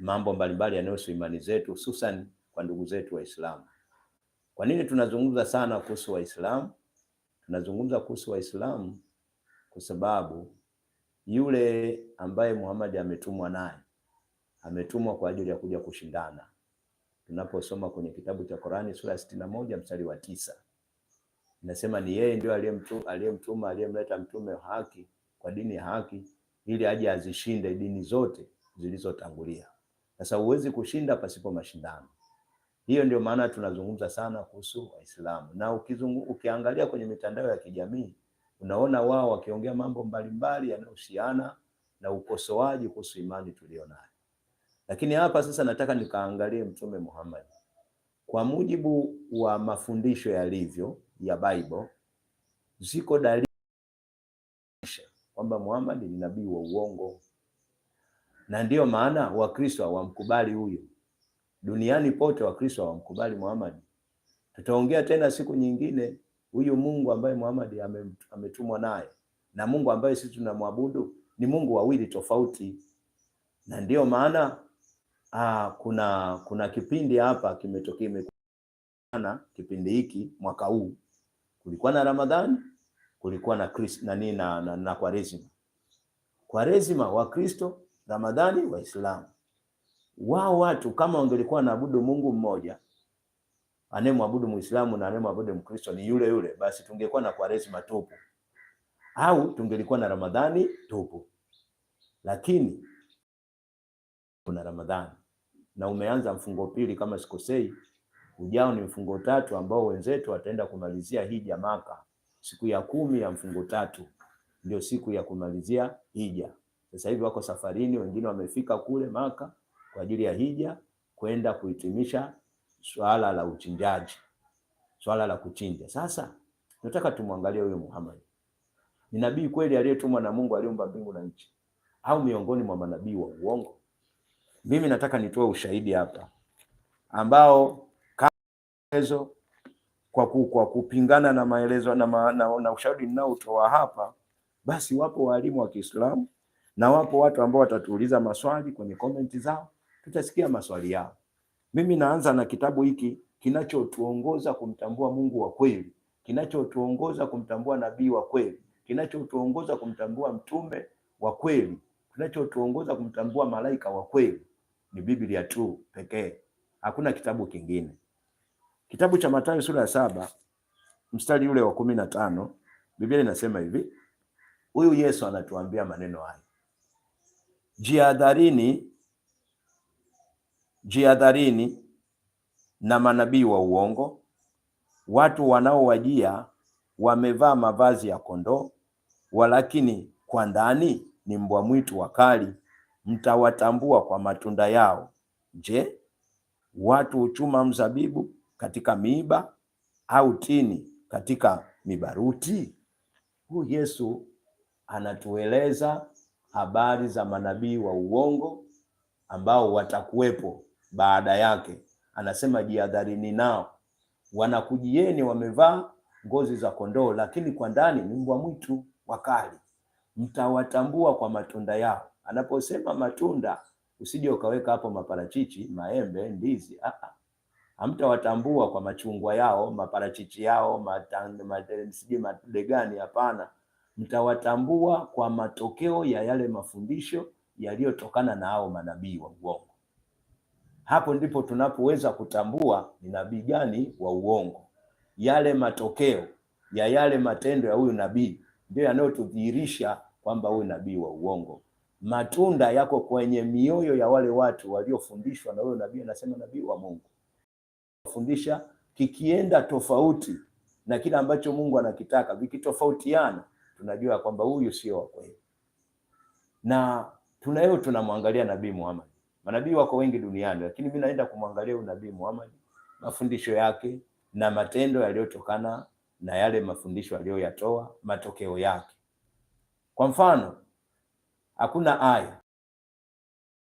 mambo mbalimbali yanayohusu imani zetu, hususan kwa ndugu zetu Waislamu. Kwa nini tunazungumza sana kuhusu Waislamu? Tunazungumza kuhusu Waislamu kwa sababu yule ambaye Muhammad ametumwa naye ametumwa kwa ajili ya kuja kushindana. Tunaposoma kwenye kitabu cha Qur'ani sura ya sitini na moja mstari wa tisa inasema ni yeye ndio aliyemtuma aliyemleta mtume haki kwa dini ya haki ili aje azishinde dini zote zilizotangulia. Sasa huwezi kushinda pasipo mashindano. Hiyo ndio maana tunazungumza sana kuhusu Waislamu, na ukizungu, ukiangalia kwenye mitandao ya kijamii unaona wao wakiongea mambo mbalimbali yanayohusiana na ukosoaji kuhusu imani tuliyo nayo. Lakini hapa sasa nataka nikaangalie Mtume Muhammad kwa mujibu wa mafundisho yalivyo ya Bible, ziko dalili kwamba Muhammad ni nabii wa uongo na ndiyo maana Wakristo hawamkubali huyo. Duniani pote Wakristo hawamkubali Muhammad. Tutaongea tena siku nyingine huyu Mungu ambaye Muhammad ametumwa naye na Mungu ambaye sisi tunamwabudu ni Mungu wawili tofauti, na ndiyo maana aa, ah, kuna kuna kipindi hapa kimetokea na kipindi hiki mwaka huu kulikuwa na Ramadhani, kulikuwa na Kristo na, nini na, na, na Kwaresima. Kwaresima Wakristo Ramadhani Waislamu. Wao watu kama wangelikuwa naabudu Mungu mmoja, anayemwabudu Muislamu na anayemwabudu Mkristo ni yule yule, basi tungekuwa na Kwaresima tupu au tungelikuwa na Ramadhani tupu. Lakini kuna Ramadhani na umeanza mfungo pili kama sikosei, ujao ni mfungo tatu ambao wenzetu wataenda kumalizia hija Maka. Siku ya kumi ya mfungo tatu ndio siku ya kumalizia hija. Sasa hivi wako safarini, wengine wamefika kule Maka kwa ajili ya hija kwenda kuhitimisha swala la uchinjaji, swala la kuchinja. Sasa nataka tumwangalie huyo Muhammad, ni nabii kweli aliyetumwa na Mungu aliumba mbingu na nchi, au miongoni mwa manabii wa uongo? Mimi nataka nitoe ushahidi hapa ambao kazo kwa, ku, kwa kupingana na maelezo na, ma, na, na ushahidi ninaotoa hapa, basi wapo walimu wa Kiislamu na wapo watu ambao watatuuliza maswali kwenye komenti zao, tutasikia maswali yao. Mimi naanza na kitabu hiki kinachotuongoza kumtambua Mungu wa kweli, kinachotuongoza kumtambua nabii wa kweli, kinachotuongoza kumtambua mtume wa kweli, kinachotuongoza kumtambua malaika wa kweli. Ni Biblia tu pekee, hakuna kitabu kingine. Kitabu cha Mathayo sura ya saba mstari ule wa kumi na tano Biblia inasema hivi, huyu Yesu anatuambia maneno haya jihadharini, jihadharini na manabii wa uongo, watu wanaowajia wamevaa mavazi ya kondoo, walakini kwa ndani ni mbwa mwitu wakali. Mtawatambua kwa matunda yao. Je, watu huchuma mzabibu katika miiba au tini katika mibaruti? Huyu Yesu anatueleza habari za manabii wa uongo ambao watakuwepo baada yake. Anasema jihadharini nao, wanakujieni wamevaa ngozi za kondoo, lakini kwa ndani ni mbwa mwitu wakali, mtawatambua kwa matunda yao. Anaposema matunda, usije ukaweka hapo maparachichi, maembe, ndizi. Ah, ah. Hamtawatambua kwa machungwa yao, maparachichi yao, msije madegani. Hapana, mtawatambua kwa matokeo ya yale mafundisho yaliyotokana na hao manabii wa uongo. Hapo ndipo tunapoweza kutambua ni nabii gani wa uongo. Yale matokeo ya yale matendo ya huyu nabii ndio yanayotudhihirisha kwamba huyu nabii wa uongo. Matunda yako kwenye mioyo ya wale watu waliofundishwa na huyo nabii, anasema nabii wa Mungu fundisha, kikienda tofauti na kile ambacho Mungu anakitaka, vikitofautiana tunajua kwamba huyu sio wa kweli, na tunayo tunamwangalia Nabii Muhammad. Manabii wako wengi duniani, lakini mimi naenda kumwangalia huyu Nabii Muhammad, mafundisho yake na matendo yaliyotokana na yale mafundisho aliyoyatoa, matokeo yake. Kwa mfano, hakuna aya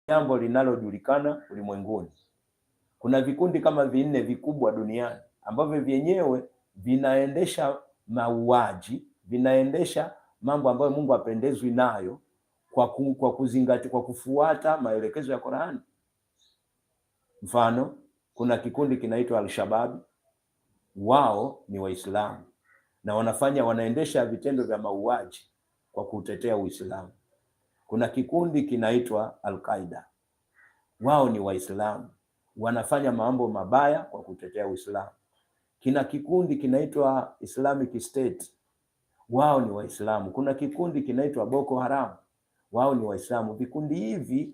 jambo linalojulikana ulimwenguni. Kuna vikundi kama vinne vikubwa duniani ambavyo vyenyewe vinaendesha mauaji vinaendesha mambo ambayo Mungu apendezwi nayo kwa, ku, kwa kuzingatia kwa kufuata maelekezo ya Qur'ani. Mfano, kuna kikundi kinaitwa Al-Shabaab, wao ni Waislamu na wanafanya wanaendesha vitendo vya mauaji kwa kutetea Uislamu. Kuna kikundi kinaitwa Al-Qaida, wao ni Waislamu wanafanya mambo mabaya kwa kutetea Uislamu. Kina kikundi kinaitwa Islamic State wao ni Waislamu. Kuna kikundi kinaitwa Boko Haram, wao ni Waislamu. Vikundi hivi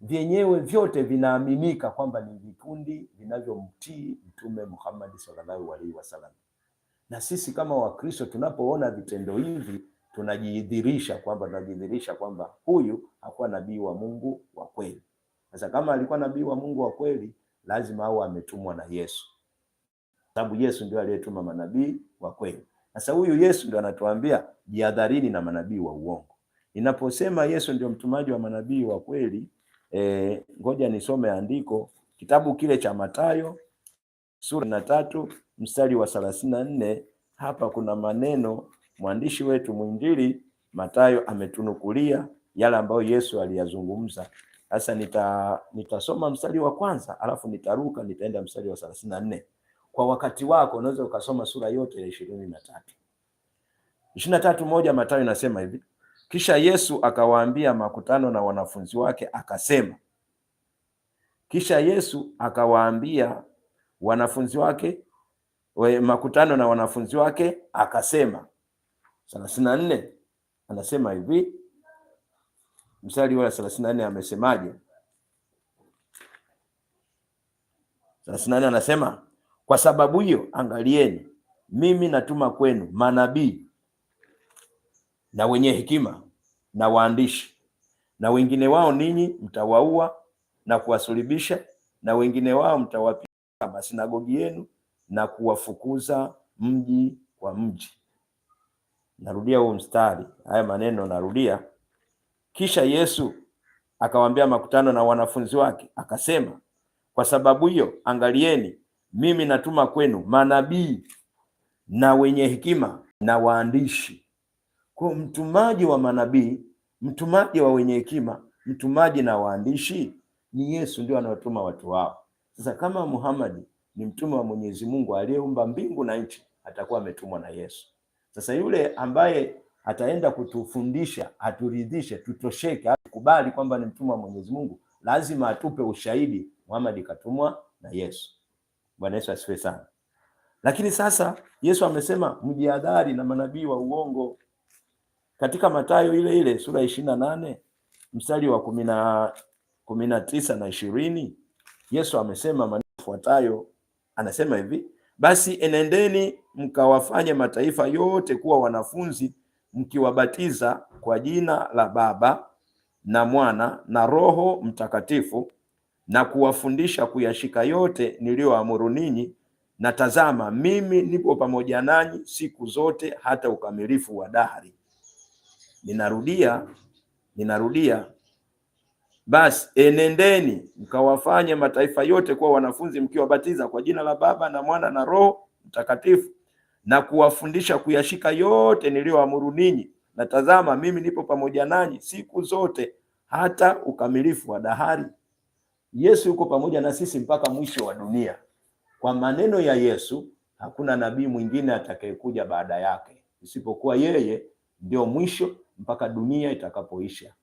vyenyewe vyote vinaaminika kwamba ni vikundi vinavyomtii Mtume Muhammad sallallahu alaihi wasallam. Na sisi kama Wakristo tunapoona vitendo hivi tunajidhirisha kwamba tunajidhirisha kwamba huyu hakuwa nabii wa Mungu wa kweli. Sasa kama alikuwa nabii wa Mungu wa kweli, lazima au ametumwa na Yesu, sababu Yesu ndio aliyetuma manabii wa kweli. Sasa huyu Yesu ndio anatuambia jihadharini na manabii wa uongo. inaposema Yesu ndio mtumaji wa manabii wa kweli, e, ngoja nisome andiko kitabu kile cha Mathayo sura na tatu mstari wa thelathini na nne. Hapa kuna maneno mwandishi wetu mwinjili Mathayo ametunukulia yale ambayo Yesu aliyazungumza. Sasa nita nitasoma mstari wa kwanza alafu nitaruka nitaenda mstari wa thelathini na nne kwa wakati wako unaweza ukasoma sura yote ya ishirini na tatu ishirini na tatu moja Mathayo inasema hivi: kisha Yesu akawaambia makutano na wanafunzi wake akasema. Kisha Yesu akawaambia wanafunzi wake we, makutano na wanafunzi wake akasema. thelathini na nne anasema hivi mstari wa thelathini na nne amesemaje? thelathini na nne anasema kwa sababu hiyo, angalieni, mimi natuma kwenu manabii na wenye hekima na waandishi, na wengine wao ninyi mtawaua na kuwasulibisha, na wengine wao mtawapiga masinagogi yenu na kuwafukuza mji kwa mji. Narudia huo mstari, haya maneno narudia. Kisha Yesu akawaambia makutano na wanafunzi wake akasema, kwa sababu hiyo angalieni mimi natuma kwenu manabii na wenye hekima na waandishi. Kwa mtumaji wa manabii, mtumaji wa wenye hekima, mtumaji na waandishi, ni Yesu ndio anawatuma watu wao. Sasa kama Muhammad ni mtume wa Mwenyezi Mungu aliyeumba mbingu na nchi, atakuwa ametumwa na Yesu. Sasa yule ambaye ataenda kutufundisha, aturidhishe, tutosheke, atukubali kwamba ni mtume wa Mwenyezi Mungu, lazima atupe ushahidi Muhammad katumwa na Yesu. Bwana Yesu asifiwe sana. Lakini sasa Yesu amesema mjihadhari na manabii wa uongo katika Mathayo ile ile sura ishirini na nane mstari wa kumi na kumi na tisa na ishirini Yesu amesema maneno yafuatayo, anasema hivi: basi enendeni mkawafanye mataifa yote kuwa wanafunzi, mkiwabatiza kwa jina la Baba na Mwana na Roho Mtakatifu, na kuwafundisha kuyashika yote niliyoamuru ninyi, na tazama, mimi nipo pamoja nanyi siku zote hata ukamilifu wa dahari. Ninarudia, ninarudia basi enendeni mkawafanye mataifa yote kuwa wanafunzi, mkiwabatiza kwa jina la Baba na Mwana na Roho Mtakatifu, na kuwafundisha kuyashika yote niliyoamuru ninyi, na tazama, mimi nipo pamoja nanyi siku zote hata ukamilifu wa dahari. Yesu yuko pamoja na sisi mpaka mwisho wa dunia. Kwa maneno ya Yesu, hakuna nabii mwingine atakayekuja baada yake isipokuwa yeye ndio mwisho mpaka dunia itakapoisha.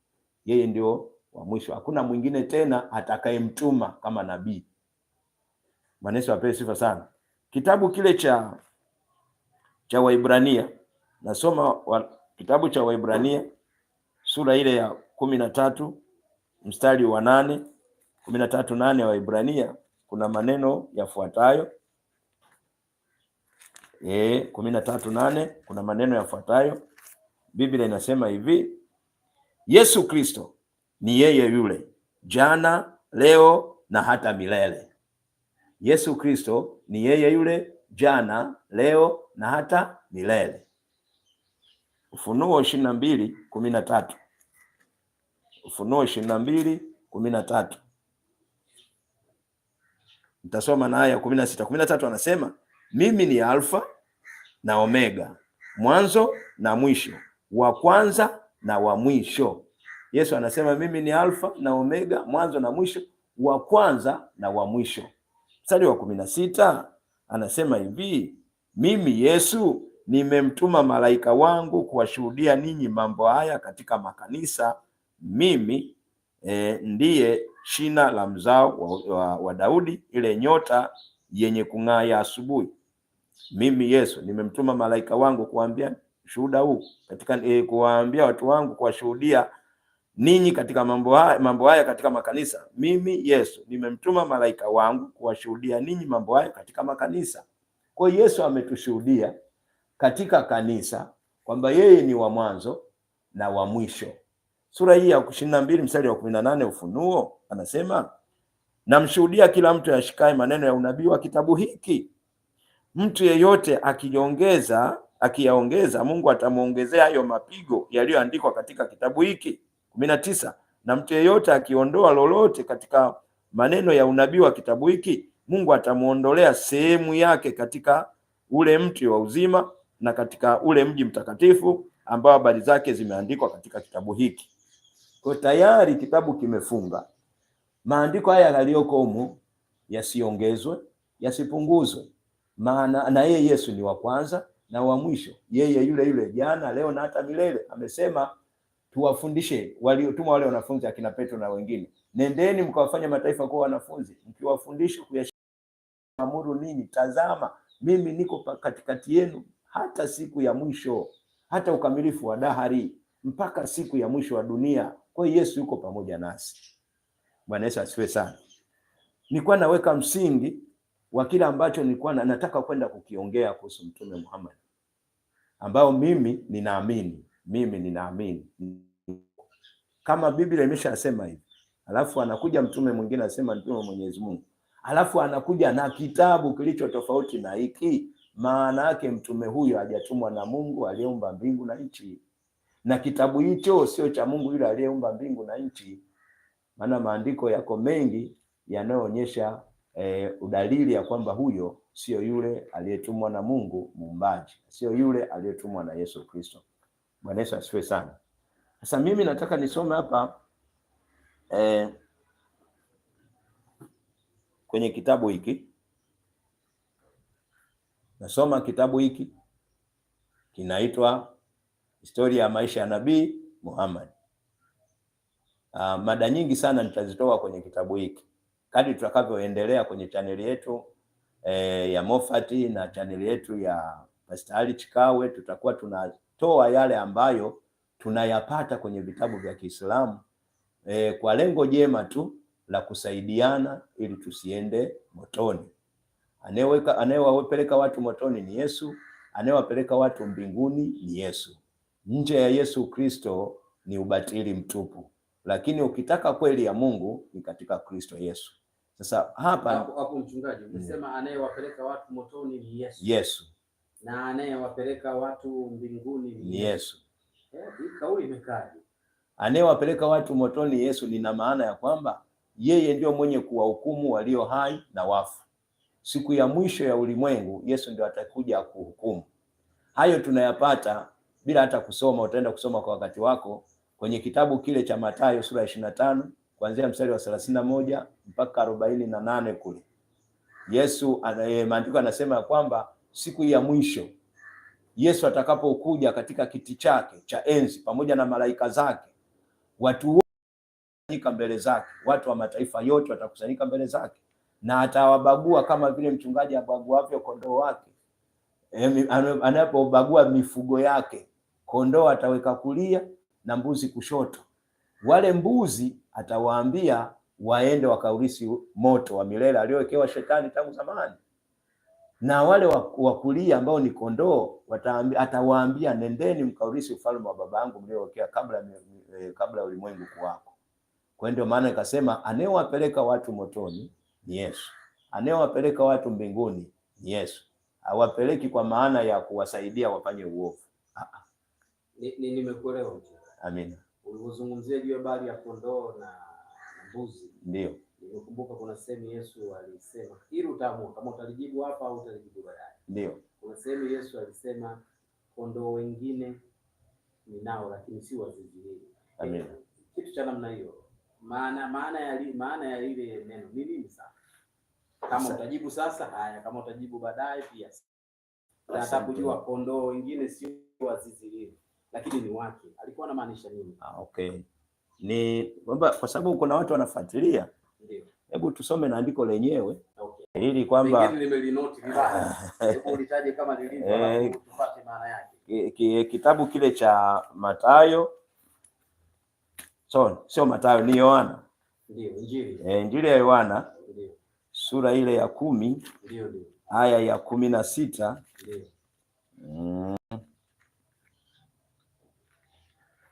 Yeye ndio wa mwisho, hakuna mwingine tena atakayemtuma kama nabii. Bwana Yesu apewe sifa sana. Kitabu kile cha cha Waibrania nasoma wa, kitabu cha Waibrania sura ile ya kumi na tatu mstari wa nane kumi na tatu nane Waibrania kuna maneno yafuatayo e, kumi na tatu nane kuna maneno yafuatayo. Biblia inasema hivi, Yesu Kristo ni yeye yule jana, leo na hata milele. Yesu Kristo ni yeye yule jana, leo na hata milele. Ufunuo ishirini na mbili kumi na tatu Ufunuo ishirini na mbili kumi na tatu Mtasoma na aya kumi na sita kumi na tatu anasema mimi ni Alfa na Omega, mwanzo na mwisho, wa kwanza na wa mwisho. Yesu anasema mimi ni Alfa na Omega, mwanzo na mwisho, wa kwanza na wa mwisho. Mstari wa kumi na sita anasema hivi, mimi Yesu nimemtuma malaika wangu kuwashuhudia ninyi mambo haya katika makanisa. Mimi eh, ndiye shina la mzao wa, wa, wa Daudi, ile nyota yenye kung'aa ya asubuhi. Mimi Yesu nimemtuma malaika wangu kuambia shuhuda huu katika eh, kuwaambia watu wangu kuwashuhudia ninyi katika mambo haya, mambo haya katika makanisa. Mimi Yesu nimemtuma malaika wangu kuwashuhudia ninyi mambo haya katika makanisa. Kwa hiyo Yesu ametushuhudia katika kanisa kwamba yeye ni wa mwanzo na wa mwisho sura hii ya ishirini na mbili mstari wa kumi na nane Ufunuo anasema namshuhudia kila mtu yashikae maneno ya unabii wa kitabu hiki, mtu yeyote akiongeza akiyaongeza, Mungu atamwongezea hayo mapigo yaliyoandikwa katika kitabu hiki. kumi na tisa na mtu yeyote akiondoa lolote katika maneno ya unabii wa kitabu hiki, Mungu atamwondolea sehemu yake katika ule mti wa uzima na katika ule mji mtakatifu ambao habari zake zimeandikwa katika kitabu hiki. Kwa tayari kitabu kimefunga. Maandiko haya yaliyoko humu yasiongezwe, yasipunguzwe, maana na yeye Yesu ni wa kwanza na wa mwisho, yeye yule yule jana, leo na hata milele. Amesema tuwafundishe waliotuma wale wanafunzi akina Petro na wengine, nendeni mkawafanya mataifa kuwa wanafunzi, mkiwafundisha kuyashamuru nini, tazama mimi niko katikati yenu hata siku ya mwisho, hata ukamilifu wa dahari, mpaka siku ya mwisho wa dunia. Kwa hiyo Yesu yuko pamoja nasi. Bwana Yesu asifiwe sana. Nilikuwa naweka msingi wa kile ambacho nilikuwa na, nataka kwenda kukiongea kuhusu Mtume Muhammad, ambao mimi ninaamini, mimi ninaamini kama Biblia imeshasema hivi, alafu anakuja mtume mwingine asema mtume wa Mwenyezi Mungu, alafu anakuja na kitabu kilicho tofauti na hiki, maana yake mtume huyo hajatumwa na Mungu aliyeumba mbingu na nchi na kitabu hicho sio cha Mungu yule aliyeumba mbingu na nchi, maana maandiko yako mengi yanayoonyesha e, udalili ya kwamba huyo sio yule aliyetumwa na Mungu muumbaji, sio yule aliyetumwa na Yesu Kristo. Bwana Yesu asifiwe sana. Sasa mimi nataka nisome hapa e, kwenye kitabu hiki nasoma kitabu hiki kinaitwa historia ya maisha ya Nabii Muhammad. Uh, mada nyingi sana nitazitoa kwenye kitabu hiki kadri tutakavyoendelea kwenye chaneli yetu eh, ya Mofati na chaneli yetu ya Pastor Ali Chikawe, tutakuwa tunatoa yale ambayo tunayapata kwenye vitabu vya Kiislamu eh, kwa lengo jema tu la kusaidiana ili tusiende motoni. Anayeweka anayewapeleka watu motoni ni Yesu, anayewapeleka watu mbinguni ni Yesu nje ya Yesu Kristo ni ubatili mtupu, lakini ukitaka kweli ya Mungu ni katika Kristo Yesu. Sasa hapa hapo, mchungaji, mm. umesema anayewapeleka watu motoni ni Yesu. Yesu na anayewapeleka watu mbinguni ni Yesu. Eh, kauli imekaje? Anayewapeleka watu motoni Yesu, nina maana ya kwamba yeye ndio mwenye kuwahukumu walio hai na wafu. Siku ya mwisho ya ulimwengu Yesu ndio atakuja kuhukumu. Hayo tunayapata bila hata kusoma, utaenda kusoma kwa wakati wako kwenye kitabu kile cha Mathayo sura ya ishirini na tano kuanzia mstari wa thelathini na moja mpaka arobaini na nane kule Yesu anaye eh, maandiko anasema ya kwamba siku ya mwisho Yesu atakapokuja katika kiti chake cha enzi pamoja na malaika zake, watu wote mbele zake, watu wa mataifa yote watakusanyika mbele zake, na atawabagua kama vile mchungaji abaguavyo kondoo wake, eh, anapobagua mifugo yake kondoo ataweka kulia na mbuzi kushoto. Wale mbuzi atawaambia waende wakaurisi moto wa milele aliowekewa shetani tangu zamani, na wale wa kulia ambao ni kondoo atawaambia nendeni mkaurisi ufalme wa baba yangu mliowekea kabla eh, kabla ulimwengu kuwako. Kwa ndio maana ikasema anayewapeleka watu motoni ni Yesu, anayewapeleka watu mbinguni ni Yesu. Hawapeleki kwa maana ya kuwasaidia wafanye uovu Nimekuelewa. Amina. Ulivyozungumzia juu ya ya kondoo na mbuzi, ndio nimekumbuka kuna sehemu Yesu alisema, ili utaamua kama utalijibu hapa au utalijibu baadaye. Ndio, kuna sehemu Yesu alisema kondoo wengine ninao, lakini si wazizi hili. Amina. Kitu cha namna hiyo, maana maana ya maana ya ile neno ni nini sasa? Kama utajibu sasa, haya. Kama utajibu baadaye pia, nataka kujua kondoo wengine si hili lakini ni wake. Alikuwa anamaanisha nini? Ah, okay, ni kwamba kwa sababu kuna watu wanafuatilia. Ndio, hebu tusome na andiko lenyewe okay, ili kwamba nimelinoti vibaya, hebu ulitaje kama lilivyo eh, tupate maana yake. Ki, ki, Kitabu kile cha Mathayo, so sio Mathayo, ni Yohana, ndio injili eh, injili ya Yohana sura ile ya kumi Ndio, ndio. aya ya kumi na sita. Mm.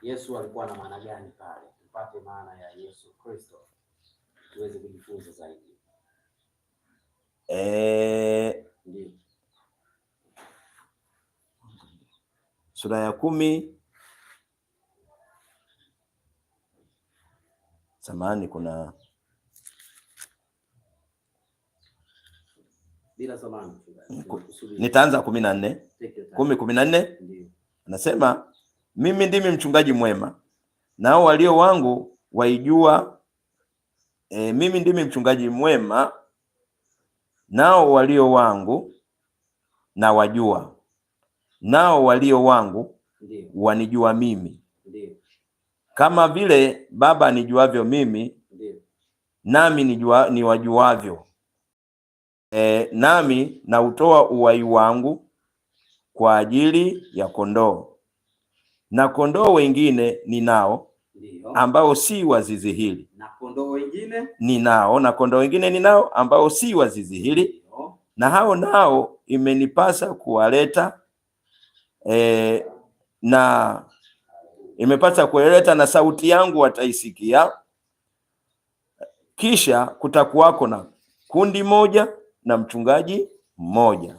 Yesu alikuwa na maana gani pale? Tupate maana ya Yesu Kristo tuweze kujifunza zaidi. E... sura ya kumi samani kuna nitaanza kumi na nne kumi kumi na nne anasema mimi ndimi mchungaji mwema, nao walio wangu waijua e, mimi ndimi mchungaji mwema, nao walio wangu na wajua, nao walio wangu wanijua mimi, kama vile Baba anijuavyo mimi, nami nijua niwajuavyo e, nami nautoa uwai wangu kwa ajili ya kondoo na kondoo wengine ninao ambao si wa zizi hili, na kondoo wengine ninao, na kondoo wengine ninao ambao si wa zizi hili, na hao nao imenipasa kuwaleta e, na imepasa kuwaleta, na sauti yangu wataisikia. Kisha kutakuwako na kundi moja na mchungaji mmoja,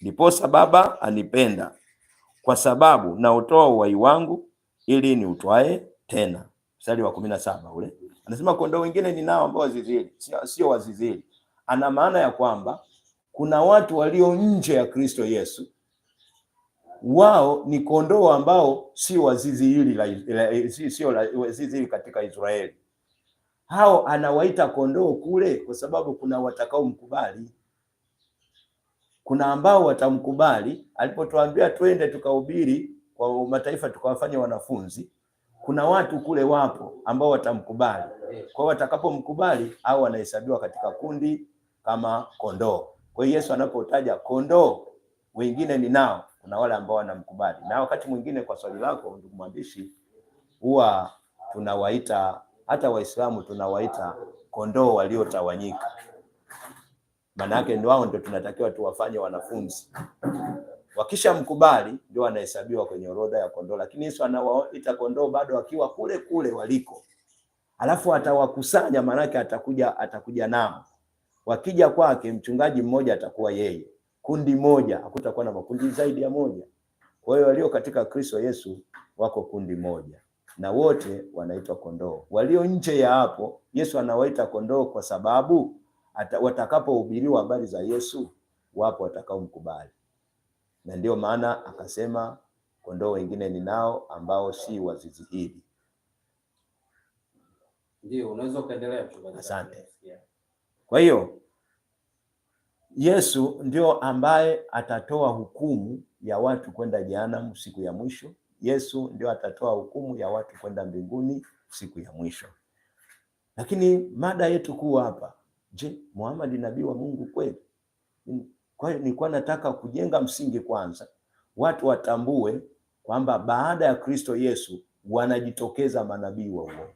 ndiposa Baba anipenda kwa sababu nautoa uhai wangu ili ni utwae tena. Mstari wa kumi na saba ule anasema kondoo wengine ninao ambao wazizili, sio wazizili. Ana maana ya kwamba kuna watu walio nje ya Kristo Yesu, wao ni kondoo ambao si wazizi hili, sio wazizi hili katika Israeli. Hao anawaita kondoo kule, kwa sababu kuna watakao mkubali kuna ambao watamkubali alipotuambia twende tukahubiri kwa mataifa tukawafanya wanafunzi. Kuna watu kule wapo ambao watamkubali, kwa watakapomkubali au wanahesabiwa katika kundi kama kondoo. Kwa hiyo Yesu anapotaja kondoo, wengine ni nao, kuna wale ambao wanamkubali, na wakati mwingine, kwa swali lako ndugu mwandishi, huwa tunawaita hata Waislamu tunawaita kondoo waliotawanyika manake yake ndio wao ndio tunatakiwa tuwafanye wanafunzi. wakisha mkubali ndio anahesabiwa kwenye orodha ya kondoo, lakini Yesu anawaita kondoo bado wakiwa kule kule waliko, alafu atawakusanya, maanake atakuja, atakuja nao. Wakija kwake, mchungaji mmoja atakuwa yeye, kundi moja, hakutakuwa na makundi zaidi ya moja. Kwa hiyo walio katika Kristo Yesu wako kundi moja na wote wanaitwa kondoo. Walio nje ya hapo, Yesu anawaita kondoo kwa sababu watakapohubiriwa habari za Yesu, wapo watakaomkubali, na ndio maana akasema kondoo wengine ninao ambao si wa zizi hili. Ndio, unaweza kuendelea mchungaji. Asante. Kwa hiyo Yesu ndio ambaye atatoa hukumu ya watu kwenda jehanamu siku ya mwisho. Yesu ndio atatoa hukumu ya watu kwenda mbinguni siku ya mwisho. Lakini mada yetu kuu hapa Je, Muhammad nabii wa Mungu kweli? Kwa hiyo nilikuwa nataka kujenga msingi kwanza, watu watambue kwamba baada ya Kristo Yesu wanajitokeza manabii wa uongo.